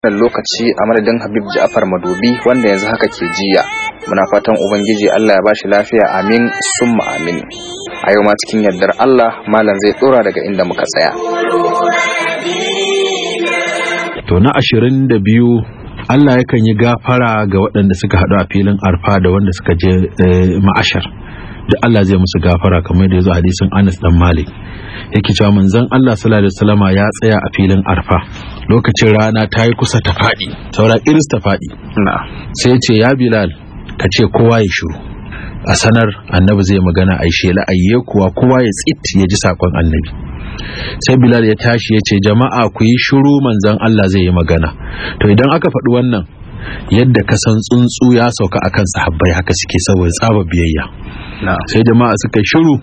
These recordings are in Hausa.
wannan lokaci a madadin habib ja'far madobi wanda yanzu haka ke jiya muna fatan ubangiji allah ya bashi lafiya amin summa amin a yau ma cikin yardar allah malam zai tsora daga inda muka tsaya to na ashirin da biyu allah yakan yi gafara ga waɗanda suka haɗu a filin arfa da wanda suka je eh, ma'ashar duk Allah zai musu gafara kamar da yazo hadisin Anas dan Malik yake cewa manzon Allah sallallahu alaihi wasallama ya tsaya a filin Arfa lokacin rana ta yi kusa ta fadi saura iris ta fadi sai ya ce ya Bilal ka ce kowa ya shiru a sanar annabi zai magana a shela ayye kuwa kowa ya tsit ya ji sakon annabi sai bilal ya tashi ya ce jama'a ku yi shiru manzon Allah zai yi magana to idan aka faɗi wannan yadda ka san tsuntsu ya sauka a kan sahabbai haka suke saboda tsaba biyayya sai jama'a suka shiru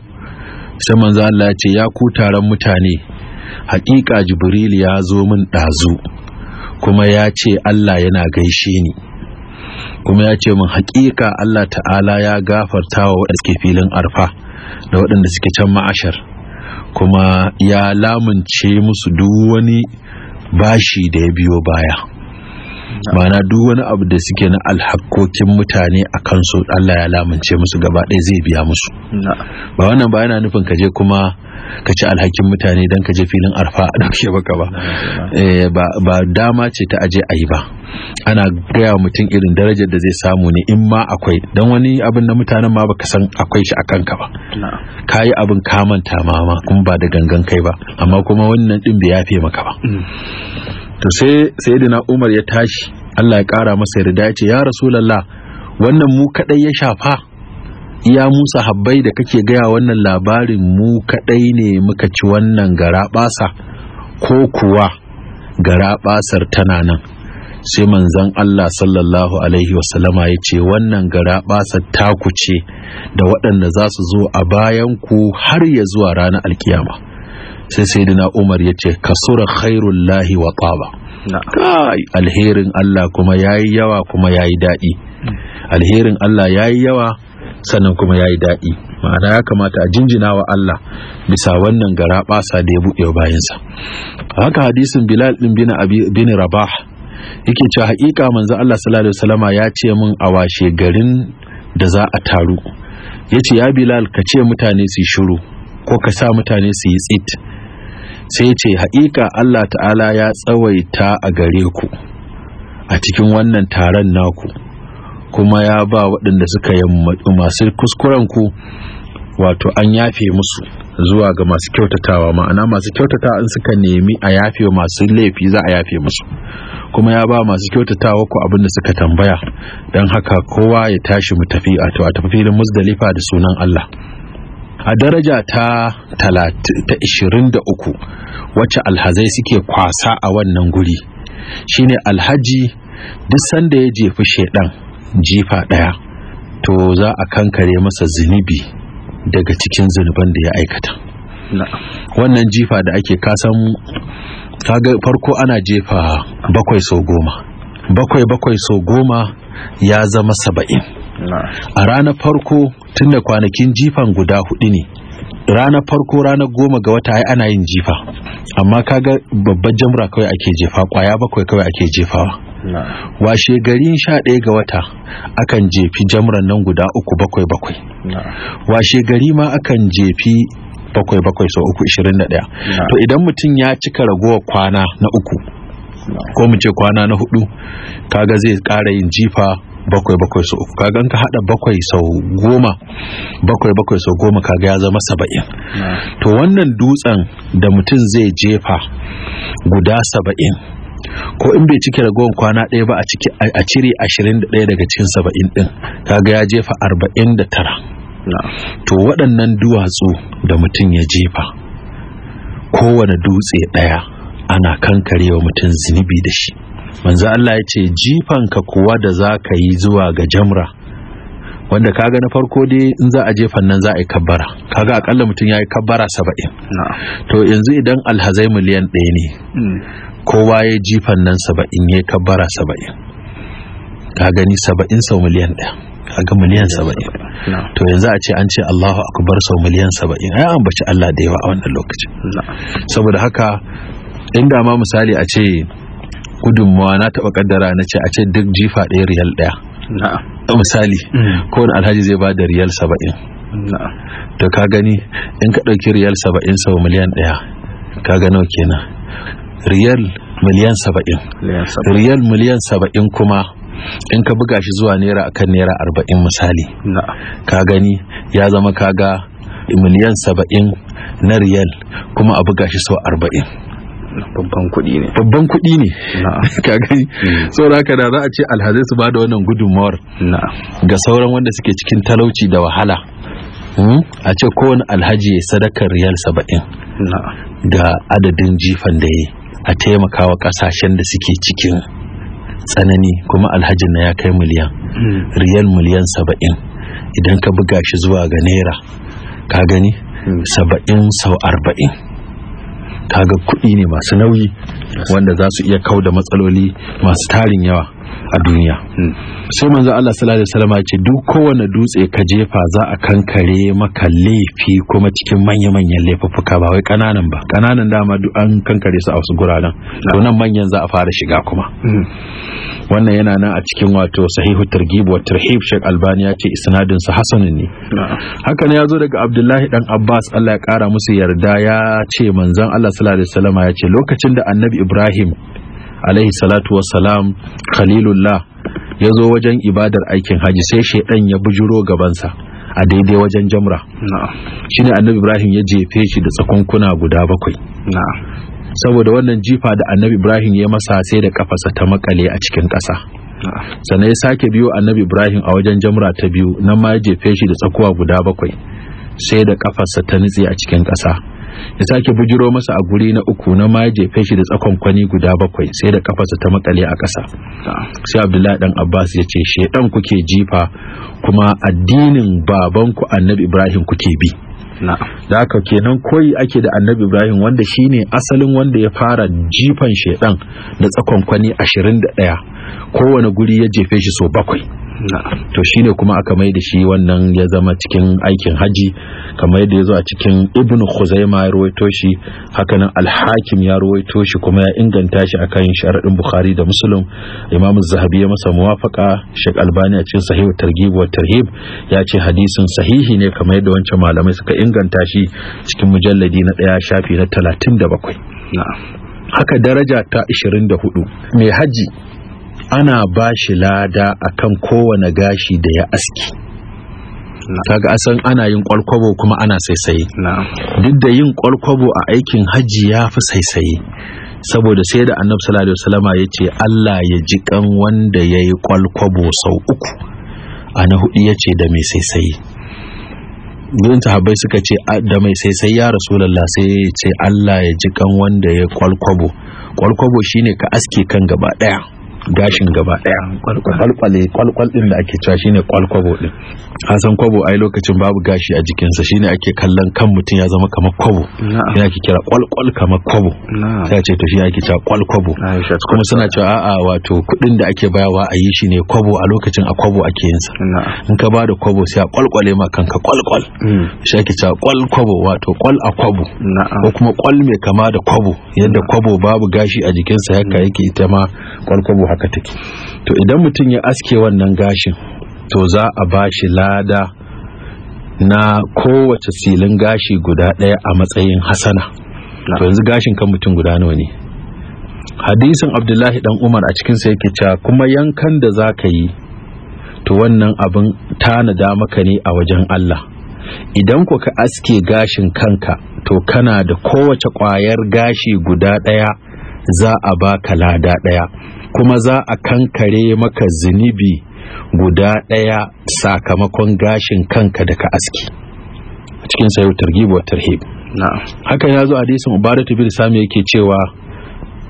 sai manzo Allah ya ce ya ku taron mutane haƙiƙa jibril ya zo min ɗazu kuma ya ce Allah yana gaishe ni kuma ya ce min haƙiƙa Allah ta'ala ya gafarta wa waɗanda suke filin arfa da waɗanda suke can ma'ashar kuma ya lamunce musu duk wani bashi da ya biyo baya Mana duk wani abu da suke na alhakokin mutane a kansu Allah ya lamince musu gaba ɗaya zai biya musu ba wannan ba yana nufin ka je kuma ka ci alhakin mutane don ka je filin arfa a ɗauke baka eh, ba ba dama ce ta aje a yi ba ana gaya mutum irin darajar da zai samu ne in ma akwai don wani abin na mutanen ma baka san akwai shi a kanka ba ka yi abin kamanta ma kuma ba da gangan kai ba amma kuma wannan ɗin bai yafe maka ba mm. to sai sayyidina Umar ya tashi Allah ya kara masa yarda ya ce ya rasulullah wannan mu kadai ya shafa iya Musa habbai da kake gaya wannan labarin mu kadai ne muka ci wannan gara ko kuwa gara tana nan sai manzon Allah sallallahu alaihi wasallama ya ce wannan gara basar taku ce da waɗanda za su zo a bayan ku har ya zuwa ranar alkiyama sai na Umar ya ce kasura khairun lahi wa taba alherin Allah kuma ya yi yawa kuma ya yi daɗi. alherin Allah ya yi yawa sannan kuma ya yi daɗi. ma'ana ya kamata a jinjina wa Allah bisa wannan gara ɓasa da ya buɗe bayansa haka hadisin Bilal ɗin bin bin Rabah yake cewa haƙiƙa manzo Allah sallallahu alaihi wasallama ya ce min a washe garin da za a taru yace ya Bilal ka ce mutane su shiru ko ka sa mutane su yi tsit sai ce haƙiƙa Allah ta'ala ya tsawaita a gare ku a cikin wannan taron naku kuma ya ba waɗanda suka yi masu kuskuren ku wato an yafe musu zuwa ga masu kyautatawa ma'ana masu kyautatawa in suka nemi a yafe masu laifi za a yafe musu kuma ya ba masu kyautatawa ku abin da suka tambaya don haka kowa ya tashi mu tafi a tafi filin musdalifa da sunan Allah a daraja ta uku, wacce alhazai suke kwasa a wannan guri shine alhaji duk sanda ya jefi shaidan jifa daya to za a kankare masa zunubi daga cikin zunuban da ya aikata wannan jifa da ake kasan farko ana jefa bakwai sau goma bakwai bakwai sau goma ya zama saba'in a ranar farko tun da kwanakin jifan guda hudu ne ranar farko ranar goma ga wata ai ana yin jifa amma kaga babban jamra kawai ake jefa kwaya bakwai kawai ake jefawa washe garin sha ɗaya ga wata akan jefi jamuran nan guda uku bakwai bakwai washe gari ma akan jefi bakwai bakwai sau uku ishirin da ɗaya to idan mutum ya cika ragowar kwana na uku ko mu ce kwana na hudu kaga zai ƙara yin jifa bakwai bakwai sau uku kaga ka hada bakwai sau goma bakwai bakwai sau goma kaga ya zama saba'in to wannan dutsen da mutum zai jefa guda saba'in ko in bai cike ragowar kwana ɗaya ba a cire ashirin da ɗaya daga cikin saba'in ɗin kaga ya jefa arba'in da tara to waɗannan duwatsu da mutum ya jefa kowane dutse ɗaya ana kankarewa mutum zunubi da shi manzo Allah ya ce jifan ka kuwa da za ka yi zuwa ga jamra wanda kaga na farko dai in za a jefan nan za a yi kabbara kaga akalla mutum ya yi kabbara saba'in to yanzu idan alhazai miliyan ɗaya ne hmm. kowa ya jifan nan saba'in ya yi kabbara saba'in ka gani saba'in sau miliyan ɗaya kaga miliyan saba'in to yanzu a ce an ce Allahu akbar sau miliyan saba'in ai bace Allah da yawa a wannan lokacin saboda haka inda ma misali a ce gudunmawa na taɓa kaddara na ce a ce duk jifa ɗaya riyal ɗaya misali mm. ko wani alhaji zai ba da riyal saba'in to ka gani in ka ɗauki riyal saba'in sau miliyan ɗaya ka gano kenan riyal miliyan saba'in riyal miliyan saba'in kuma in ka buga shi zuwa naira akan naira arba'in misali ka gani ya zama kaga miliyan saba'in na riyal kuma a buga shi sau arba'in babban kuɗi ne babban kuɗi ne ka gani mm. saboda haka da za a ce alhazai su bada wannan gudunmawar ga sauran wanda suke cikin talauci da wahala hmm? a ce kowane alhaji ya sadakar riyal saba'in ga adadin jifan da ya a taimakawa kasashen da suke cikin tsanani kuma alhajin na ya kai miliyan mm. riyal miliyan saba'in idan ka buga shi zuwa ga naira ka gani mm. saba'in sau arba'in kaga kuɗi ne masu nauyi wanda za su iya kau da matsaloli masu tarin yawa a duniya hmm. sai manzo Allah sallallahu alaihi wasallam ce duk kowane dutse ka jefa za a kankare maka laifi kuma cikin manya manyan laifuffuka ba wai kananan ba kananan dama duk an kankare su a wasu guraren to nan manyan za a fara shiga kuma hmm. wannan yana nan a cikin wato sahihu targhib wa tarhib Albani ya ce isnadin sa hasan ne haka ne yazo daga Abdullahi dan Abbas Allah ya kara musu yarda ya ce manzon Allah sallallahu alaihi wasallam ya ce lokacin da Annabi Ibrahim alaihi salatu salam khalilullah ya zo wajen ibadar aikin haji sai shaidan ya bujiro gabansa a daidai wajen jamra ne annabi ibrahim ya jefe shi da tsakunkuna guda bakwai saboda wannan jifa da annabi ibrahim ya masa sai da kafasa ta makale a cikin ƙasa sannan ya sake biyo annabi ibrahim a wajen jamra ta biyu nan ma ya jefe shi da tsakuwa guda bakwai sai da kafarsa ta nitse a cikin ƙasa ya sake bujiro masa a guri na uku na ma jefe shi da tsakon kwani guda bakwai sai da kafarsa ta makale a ƙasa sai abdullahi dan abbas ya ce shedan kuke jifa kuma addinin babanku annabi ibrahim kuke bi da haka kenan koyi ake da annabi ibrahim wanda shine asalin wanda ya fara jifan shedan da tsakon kwani 21 kowane guri ya jefe shi so bakwai to shi ne kuma aka mai da shi wannan ya zama cikin aikin haji kamar yadda ya zo a cikin ibn khuzaima ya ruwaito shi hakanan hakim ya ruwaito shi kuma ya inganta shi akan sharadin bukhari da muslim imam zahabi ya masa muwafaka shek albani a cikin sahihu targhib wa tarhib ya ce hadisin sahihi ne kamar yadda wancan malamai suka inganta shi cikin mujalladi na daya shafi na 37 haka daraja ta 24 mai haji ana ba shi lada a kan kowane gashi da ya aski kaga asan ana yin kwalkwabo kuma ana saisaye duk da yin kwalkwabo a aikin hajji ya fi saisaye saboda sai da annabi sallallahu alaihi wasallama ya ce Allah ya ji kan wanda ya yi kwalkwabo sau uku a na hudu ya ce da mai saisaye gudun sahabbai suka ce da mai saisaye ya rasulallah sai ya ce Allah ya ji kan wanda ya yi kwalkwabo kwalkwabo shine ka aske kan gaba daya gashin gaba daya kwalkwale kwalkwal din da ake cewa shine kwalkwabo din an san kwabo ai lokacin babu gashi a jikinsa shine ake kallon kan mutum ya zama kamar kwabo Ina ake kira kwalkwal kamar kwabo sai ce to shi ake cewa kwalkwabo kuma suna cewa a'a wato kudin da ake bayawa a yi shi ne kwabo a lokacin a kwabo ake yin sa in ka ba da kwabo sai a kwalkwale ma kanka kwalkwal hmm. shi ake cewa kwalkwabo wato kwal a kwabo ko kuma kwal mai kama da kwabo yadda kwabo babu gashi a jikinsa haka yake ita ma kwalkwabo haka take to idan mutum ya aske wannan gashin to za a ba shi lada na kowace silin gashi guda ɗaya a matsayin hasana to yanzu gashin kan mutum guda nawa ne hadisin abdullahi dan umar a cikinsa yake cewa kuma yankan da za ka yi to wannan abin tanada maka ne a wajen Allah idan ku ka aske gashin kanka to kana da kowace ƙwayar gashi guda ɗaya za a baka lada ɗaya kuma za a kankare maka zunubi guda ɗaya sakamakon gashin kanka da ka A cikin sayo Targibu wa tarhib haka ya zo hadisin ubaratu bil sami yake cewa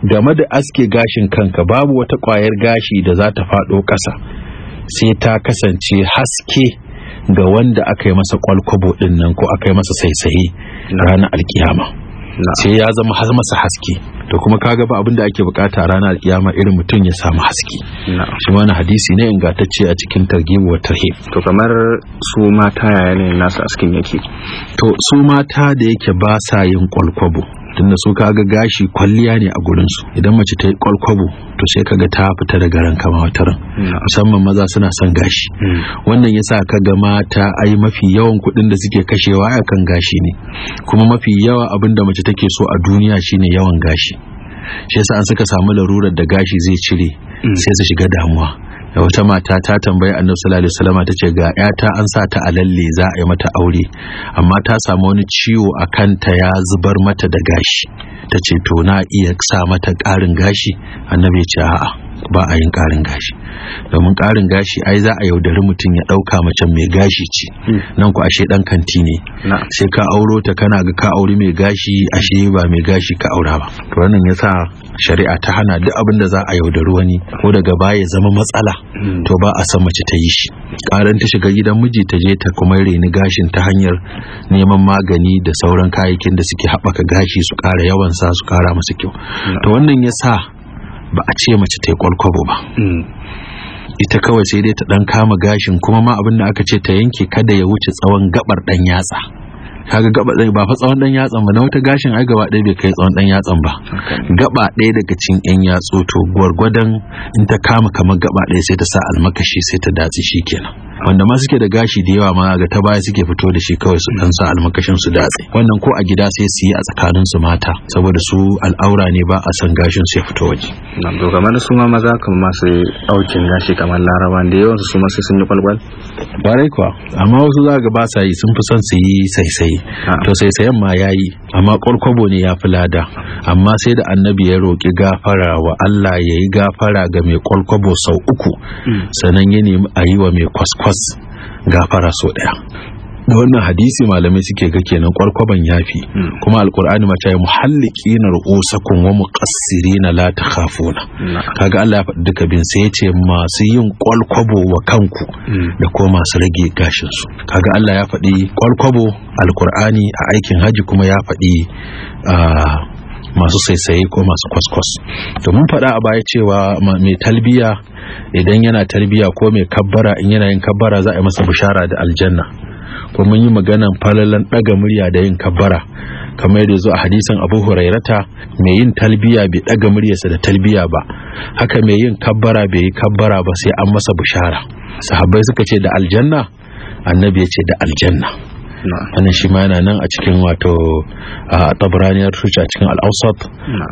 game da aske gashin kanka babu wata kwayar gashi da za ta faɗo ƙasa sai ta kasance haske ga wanda aka yi masa kwalkwabo ɗin ko aka yi masa saisaye ranar alkiyama sai ya zama har masa haske to kuma kaga ba abin da ake bukata ranar kiyama irin mutum ya samu haske shi wani hadisi ne ingantacce a cikin targhib wa tarhib to kamar su mata yaya nasu askin yake to su mata da yake ba sa yin kwalkwabo tunda su kaga gashi kwalliya ne a gurin su idan mace ta yi kwalkwabo to sai kaga ta fita daga ran kama wata ran musamman maza suna son gashi hmm. wannan yasa kaga mata ai mafi yawan kuɗin da suke kashewa yakan gashi ne kuma mafi yawa abin da mace take so a duniya shine yawan gashi shi yasa an suka samu larurar da gashi zai cire hmm. sai su shiga damuwa Da wata mata ta tambayi annabi sallallahu alaihi wasallam ta ce ga yata an sa ta a lalle za a yi mata aure amma ta samu wani ciwo a kanta ya zubar mata da gashi ta ce to na iya sa mata ƙarin gashi annabi ya ce a'a ba a yin karin gashi domin karin gashi ai za a yaudari mutum ya ɗauka mace mai gashi ce hmm. nan ku ashe ɗan kanti ne sai ka auro ta kana ga ka auri mai gashi ashe ba mai gashi ka aura ba to wannan yasa shari'a ta hana duk abin da za a yaudari wani ko daga baya zama matsala hmm. to ba a san mace ta yi shi karin ta shiga gidan miji ta je ta kuma reni gashin ta hanyar neman magani da sauran kayayyakin da suke haɓaka gashi su ƙara yawan sa su ƙara masa kyau to wannan yasa ba a ce mace ta yi kwalkwabo ba hmm. ita kawai sai dai ta dan kama gashin kuma ma abin da aka ce ta yanke kada ya wuce tsawon gabar dan yatsa kaga gaba ɗaya ba fa tsawon dan yatsan ba na wata gashin ai gaba ɗaya bai kai tsawon dan yatsan ba gaba ɗaya daga cikin yan yatsu to gwargwadon in ta kama kamar gaba ɗaya sai ta sa almakashi sai ta datsi kenan wanda ma suke da gashi da yawa ma ga ta baya suke fito da shi kawai su dan sa almakashin su datse wannan ko a gida sai su yi a tsakanin su mata saboda su al'aura ne ba a san gashin su ya fito waje to kamar su ma maza kamar masu aukin gashi kamar laraba da yawan su ma sai sun yi kwalkwal bare kuwa amma wasu za ga ba sa sun fi son su yi sai sai to sai sayan ma ya yi amma kwarkwabo ne ya fi lada amma sai da annabi ya roƙi gafara wa Allah ya yi gafara ga mai kwarkwabo sau uku hmm. sanan ya nemi a yi wa mai kwaskwas gafara sau ɗaya da wannan hadisi malamai suke ga kenan kwarkwaban yafi hmm. kuma alkur'ani ma ta yi muhalliki na wa muqassirin na la takhafuna kaga Allah ya faɗi duka bin sai ya ce masu yin kwalkwabo wa kanku hmm. da kuma masu rage gashin su kaga Allah ya faɗi kwalkwabo alkur'ani a aikin haji kuma ya faɗi masu saisaye ko masu kwaskwas to mun faɗa a baya cewa mai talbiya idan yana talbiya ko mai kabbara in yana yin kabbara za a yi masa bishara da aljanna ko mun yi maganan falalan daga murya da yin kabbara kamar da zo a hadisin Abu Hurairata mai yin talbiya bai daga muryarsa da talbiya ba haka mai yin kabbara bai yi kabbara ba sai an masa bushara sahabbai suka ce da aljanna annabi ya ce da aljanna wannan shi ma yana nan a cikin wato a ya rubuta a cikin al-awsat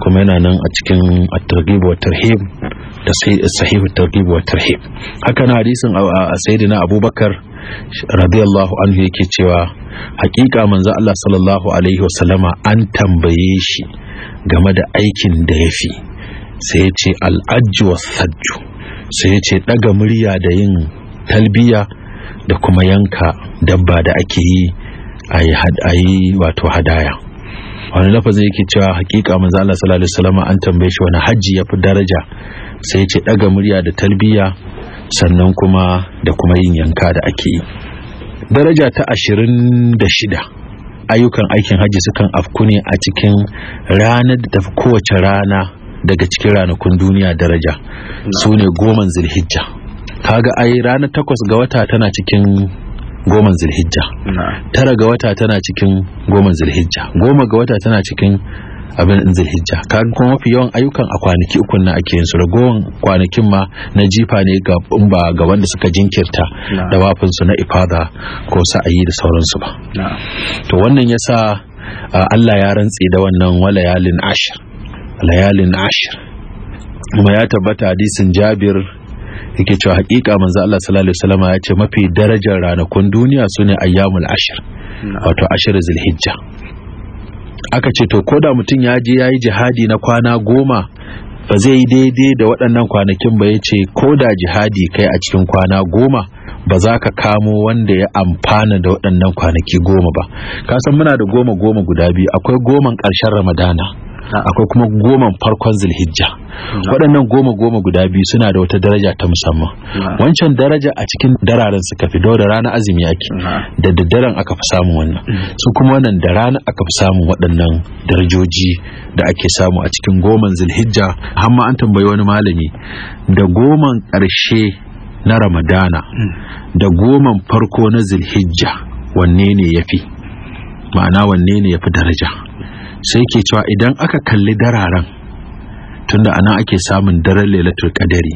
kuma yana nan a cikin at-targhib wa tarhib da sahih at-targhib wa tarhib haka na hadisin sayyidina abubakar radiyallahu anhu yake cewa hakika manzo Allah sallallahu alaihi wasallama an tambaye shi game da aikin da yafi sai ya ce al'ajju wa sajju sai ya ce daga murya da yin talbiya da kuma yanka dabba da ake yi a yi wato hadaya wani lafazi yake cewa hakika manzo Allah sallallahu alaihi wasallam an tambaye shi wani haji fi daraja sai ya ce daga murya da talbiya sannan kuma da kuma yin yanka da ake yi daraja ta 26 ayyukan aikin haji sukan afku ne a cikin ranar da tafi kowace rana daga cikin ranakun duniya daraja su ne goman zulhijja kaga ai ranar takwas ga wata tana cikin goman zulhijja tara ga wata tana cikin goman zulhijja goma ga wata tana cikin abin zulhijja kaga kuma mafi yawan ayyukan a kwanaki uku na ake yin su ragowan kwanakin ma na jifa ne ga ba ga wanda suka jinkirta da wafin su na ifada ko sa'ayi da sauransu ba to wannan yasa Allah ya rantsi da wannan walayalin ashir layalin ashir kuma ya tabbata hadisin Jabir yake cewa hakika manzo Allah sallallahu alaihi wasallam ya ce mafi darajar ranakun duniya sune ayyamul ashir wato ashir zulhijja aka ce to koda mutum ya je yayi jihadi na kwana goma ba zai daidai da waɗannan kwanakin ba yace koda jihadi kai a cikin kwana goma ba za ka kamo wanda ya amfana da waɗannan kwanaki goma ba kasan muna da goma goma guda biyu akwai goman ƙarshen ramadana ah. akwai kuma goman farkon zulhijja ah. waɗannan goma goma guda biyu suna da wata daraja ta musamman ah. wancan daraja a cikin dararen suka fi da rana azumi yake da daddaren aka fi samun wannan mm. su kuma wannan da rana aka fi samun waɗannan darajoji da ake samu a cikin goman zulhijja har ma an tambayi wani malami da goman ƙarshe na ramadana mm. da goman farko na zulhijja wanne ne ya fi ma'ana wanne ne ya fi daraja sai ke cewa idan aka kalli dararen tunda ana ake samun daren lailatul kadari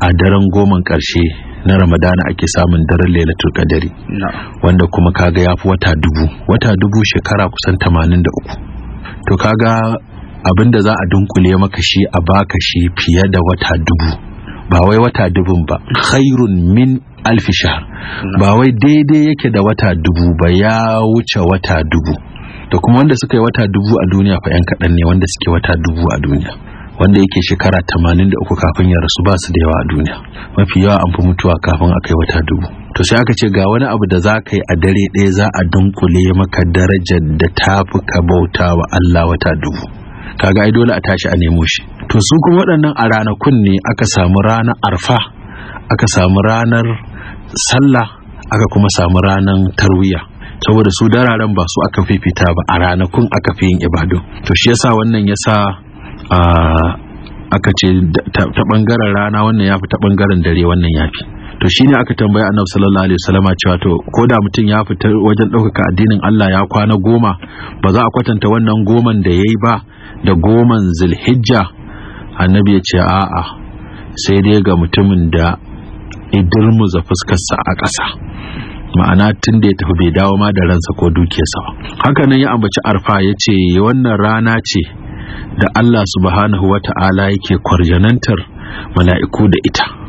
a daren goman ƙarshe na ramadana ake samun daren lailatul kadari wanda kuma kaga yafi wata dubu wata dubu shekara kusan tamanin da uku to kaga abinda za a dunkule maka shi a baka shi fiye da wata dubu ba wai wata dubun ba khairun min alfi shahr ba wai daidai yake da wata dubu ba ya wuce wata dubu da kuma wanda suka yi wata dubu a duniya fa yan kaɗan ne wanda suke wata dubu a duniya wanda yake shekara tamanin da uku kafin ya rasu ba su da yawa a duniya mafi yawa an fi mutuwa kafin a kai wata dubu to sai aka ce ga wani abu da za ka yi a dare ɗaya za a dunkule maka darajar da ta fi ka bauta wa Allah wata dubu kaga ai dole a tashi a nemo shi to su kuma waɗannan a ranakun ne aka samu ranar arfa aka samu ranar sallah aka kuma samu ranar tarwiya saboda su dararen ba su aka fifita ba a ranakun aka fi yin ibadu to shi yasa wannan yasa ah, aka ce ta bangaren rana wannan ya fi ta bangaren dare wannan ya fi to shine aka tambaya annabi sallallahu alaihi wasallama cewa to ko da mutum ya fita wajen ɗaukaka addinin Allah ya kwana goma ba za a kwatanta wannan goman da yayi ba da goman zulhijja annabi ya ce a'a sai dai ga mutumin da idirmu fuskar fuskarsa a ƙasa ma'ana tun da ya tafi bai dawo ma da ransa ko dukiyarsa ba haka nan ya ambaci arfa ya ce wannan rana ce da Allah subhanahu wata'ala yake kwarjanantar mala'iku da ita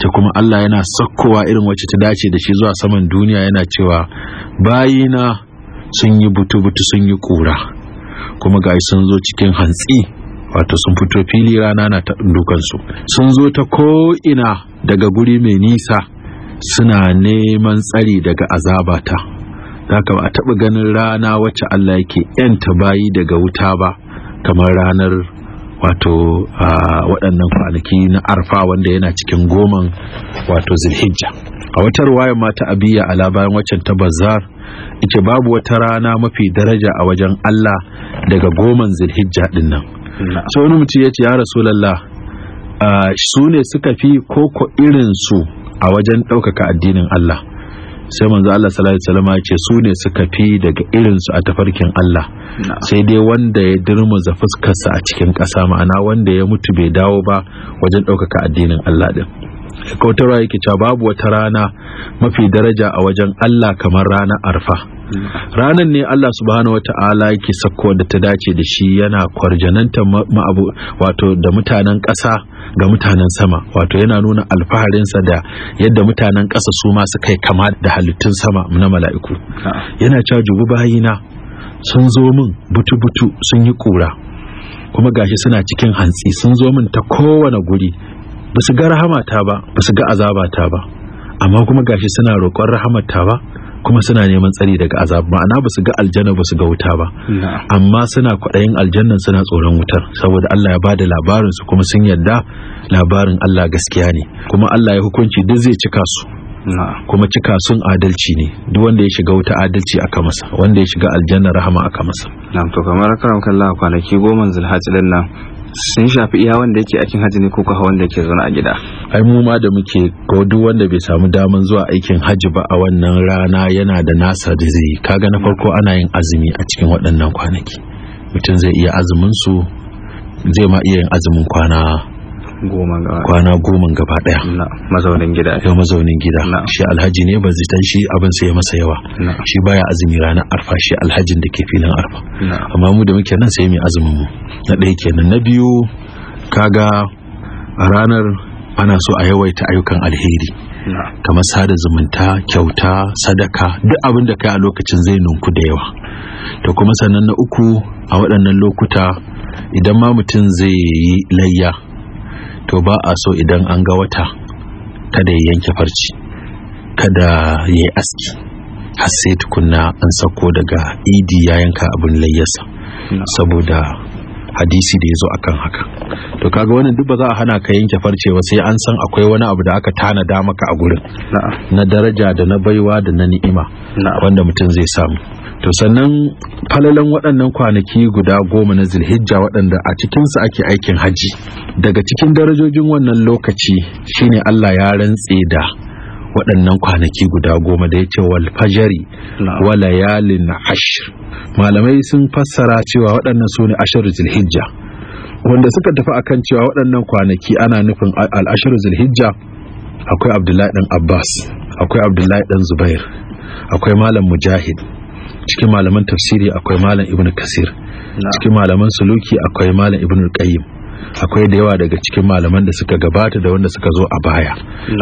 ta kuma Allah yana sakkowa irin wacce ta dace da shi zuwa saman duniya yana cewa bayina sun yi butu-butu sun yi kura kuma ga sun zo cikin hantsi wato sun fito fili rana na ta dukansu sun zo ta ko'ina daga guri mai nisa suna neman tsari daga azabata haka ba a taɓa ganin rana wacce Allah yake ‘yanta bayi daga wuta ba kamar ranar wato waɗannan kwanaki na arfa wanda yana cikin goman wato zilhijja a wata ruwayar mata abiya ala bayan waccan ta bazar ike babu wata rana mafi daraja a wajen Allah daga goman zilhijja din nan so wani mutum ya ce ya rasulallah su ne suka fi koko irin su a wajen ɗaukaka addinin Allah sai manzo Allah sallallahu alaihi wasallam su ne suka fi daga irin su a tafarkin Allah sai dai wanda ya dirmuza fuskarsa a cikin ƙasa ma'ana wanda ya mutu bai dawo ba wajen ɗaukaka addinin Allah din kautarwa ke cewa babu wata rana mafi daraja a wajen Allah kamar rana arfa Ranan ne Allah subhanahu wata'ala yake sako da ta dace da shi yana kwarjananta ma'abu wato da mutanen ƙasa ga mutanen sama wato yana nuna alfaharinsa da yadda mutanen ƙasa su ma su kai kama da halittun sama na mala'iku yana cewa jubu bayina sun zo min butu-butu sun yi kura kuma gashi suna cikin hantsi sun zo min ta kowane guri ba su ga rahamata ba ba su ga azabata ba amma kuma gashi suna roƙon rahamata ba kuma suna neman tsari daga azab ma'ana ba su ga aljanna ba su ga wuta ba amma suna kwaɗayin aljannan suna tsoron wutar saboda Allah ya ba da labarin su kuma sun yarda labarin Allah gaskiya ne kuma Allah ya hukunci duk zai cika su kuma cika sun adalci ne duk wanda ya shiga wuta adalci aka masa wanda ya shiga aljanna rahama aka masa na'am to kamar karam kallah kwanaki goma zulhajjin nan sun shafi iya wanda yake aikin haji ne ko kuwa wanda yake zaune a gida ai mu ma da muke ko duk wanda bai samu daman zuwa aikin hajji ba a wannan rana yana da nasa da zai kaga na farko ana yin azumi a cikin waɗannan kwanaki mutum zai iya azumin su zai ma iya yin azumin kwana kwana goma gaba daya mazaunin gida yau mazaunin gida shi alhaji ne ba zitan shi abin sai masa yawa shi baya azumi ranar arfa shi alhajin da ke filin arfa amma mu da muke nan sai mai azumin mu na ɗaya kenan na biyu kaga ranar ana so a yawaita ayyukan alheri kamar sada zumunta kyauta sadaka duk abin da kai a lokacin zai nunku da yawa to kuma sannan na uku a waɗannan lokuta idan ma mutum zai yi layya to ba a so idan an ga wata kada ya yanke farci kada ya yi aski har sai tukunna an sako daga idi ya yanka abin layyasa saboda hadisi da ya zo akan haka to kaga wannan duk ba za a hana ka yanke farce ba sai an san akwai wani abu da aka tana tanada maka a gurin na daraja da na baiwa da na ni'ima wanda mutum zai samu to sannan falalan waɗannan kwanaki guda goma na zilhijja waɗanda a cikinsu ake aikin haji daga cikin darajojin wannan lokaci shine Allah ya rantse da waɗannan kwanaki guda goma da ya ce wal fajari wa layalin ashir malamai sun fassara cewa waɗannan su ne ashar zilhijja wanda suka tafi akan cewa waɗannan kwanaki ana nufin al'ashar zilhijja akwai abdullahi ɗan abbas akwai abdullahi ɗan zubair akwai malam mujahid cikin malaman tafsiri akwai malam Ibnu kasir cikin malaman suluki akwai malam ibn qayyim akwai da yawa daga cikin malaman da suka gabata da wanda suka zo a baya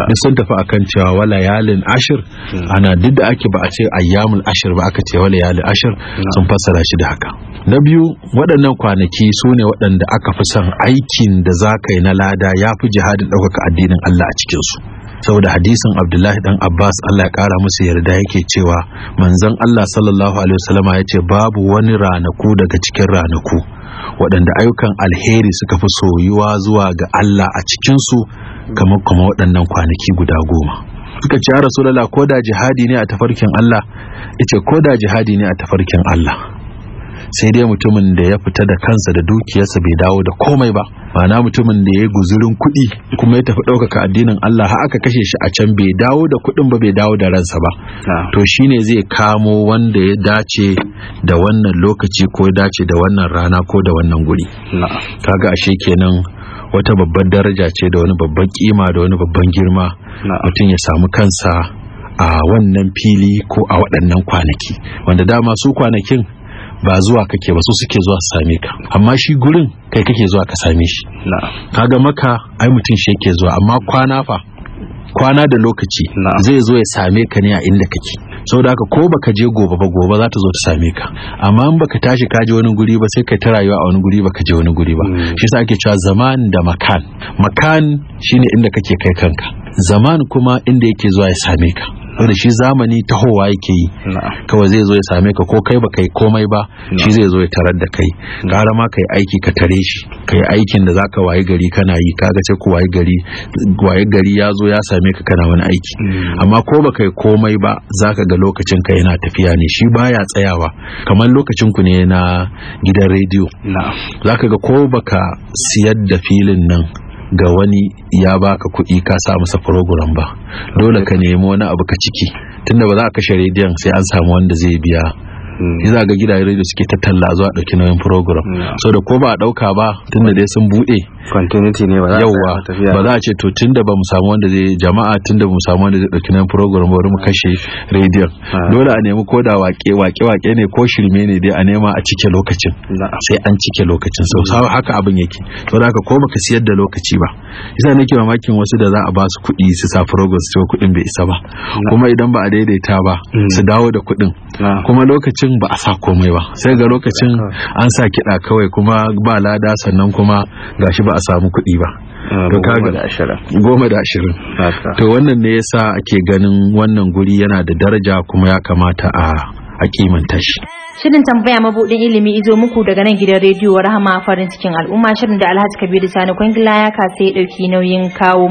ne sun tafi akan cewa wala yalin ashir hmm. ana duk da ake ba a ce ayyamul ashir ba aka ce wala yalin ashir sun fassara shi da haka na biyu waɗannan kwanaki sune ne waɗanda aka fi son aikin da za yi na lada ya fi jihadin ɗaukaka addinin Allah a cikinsu saboda hadisin abdullahi dan abbas allah ya kara musu yarda yake cewa manzon allah sallallahu alaihi wasallama ya ce babu wani ranaku daga cikin ranaku waɗanda ayyukan alheri suka fi soyuwa zuwa ga allah a cikinsu kamar kuma waɗannan kwanaki guda goma suka ce ya rasulallah ko da jihadi ne a tafarkin allah ya ce ko da jihadi ne a tafarkin allah sai dai mutumin da ya fita da kansa da dukiyarsa bai dawo da komai ba Mana mutumin da ya yi guzurin kuɗi kuma ya tafi ɗaukaka addinin Allah har aka kashe shi a can bai dawo da kuɗin ba bai dawo da ransa ba to shine zai kamo wanda ya dace da wannan lokaci ko ya dace da wannan rana ko da wannan guri kaga ashe kenan wata babbar daraja ce da wani babban kima da wani babban girma mutum ya samu kansa a wannan fili ko a waɗannan kwanaki wanda dama su kwanakin ba zuwa kake ba su suke zuwa su same ka amma shi gurin kai kake zuwa ka same shi Ka ga maka ai mutum shi yake zuwa amma kwana fa kwana da lokaci zai zo ya same ka ne a inda kake Sau aka ko baka je gobe ba gobe za ta zo ta same ka amma in baka tashi ka je wani guri ba sai ka ta rayuwa a wani guri baka je wani guri ba hmm. shi yasa ake cewa zaman da makan makan shine inda kake kai kanka zaman kuma inda yake zuwa ya same ka wanda shi zamani tahowa yake yi kawai zai zo ya same ka ko kai ba kai komai ba shi zai zo ya tarar da kai gara ma kai aiki ka tare shi kai aikin da zaka waye gari kana yi kaga sai ku waye gari waye gari ya zo ya same ka kana wani aiki hmm. amma ko ba kai komai ba zaka ga lokacin ka yana tafiya ne shi baya tsayawa kamar lokacin ku ne na gidan rediyo zaka ga ko baka siyar da filin nan ga wani ya baka kuɗi ka sa masa program ba dole ka nemi wani abu ka ciki tunda ba za a kashe rediyon sai an samu wanda zai biya hmm. iza ga gidajen rediyo suke tattalla zuwa ɗauki nauyin program hmm. so da ko ba a ɗauka ba tunda dai sun buɗe continuity ne ba za a ba za a ce to tunda ba mu samu wanda zai jama'a tunda ba mu samu wanda zai dauki nan program bari mu ah. kashe radio ah. dole a nemi koda wake wake wake ne ko shirme ne dai a nema a cike lokacin sai an cike lokacin sau hmm. haka abin yake to da ka ko baka siyar da lokaci ba yasa nake mamakin wasu da za a ba su kuɗi su sa program su kuɗin bai isa ba hmm. kuma idan ba a daidaita ba hmm. su dawo da kuɗin ah. kuma lokacin ba a sa komai ba sai ga lokacin an sa kiɗa kawai kuma ba lada sannan kuma gashi ba a samu kuɗi ba ah, to kaga goma da ashirin to wannan ne ya yasa ake ganin wannan guri yana da daraja kuma ya kamata a a shi. Shirin tambaya mabuɗin ilimi izo muku daga nan gidan rediyo Rahama farin cikin al'umma shirin da Alhaji Kabiru Sani Kwangila ya kasa ya ɗauki nauyin kawo